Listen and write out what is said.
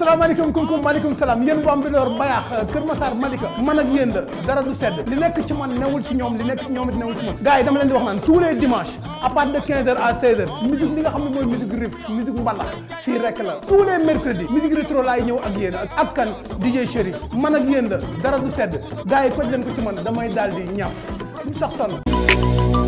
salaamaaleykum kunkum maaleykum salaam yéen waa Mbidor Bayaax Kër Massar Malika man ak yéen la dara du sedd li nekk ci man newul ci ñoom li nekk ci ñoom it newul ci man gars yi dama leen di wax naan tous les dimanches à de 15h à 16h nga xam ne mooy musique riff musique mbalax fii rek la tous les mercredis musique rétro laay ñëw ak yéen ak kan DJ Chérif man ak yéen la dara du sedd gars yi faj leen ko ci man damay daal di ñàpp ñu sax sonn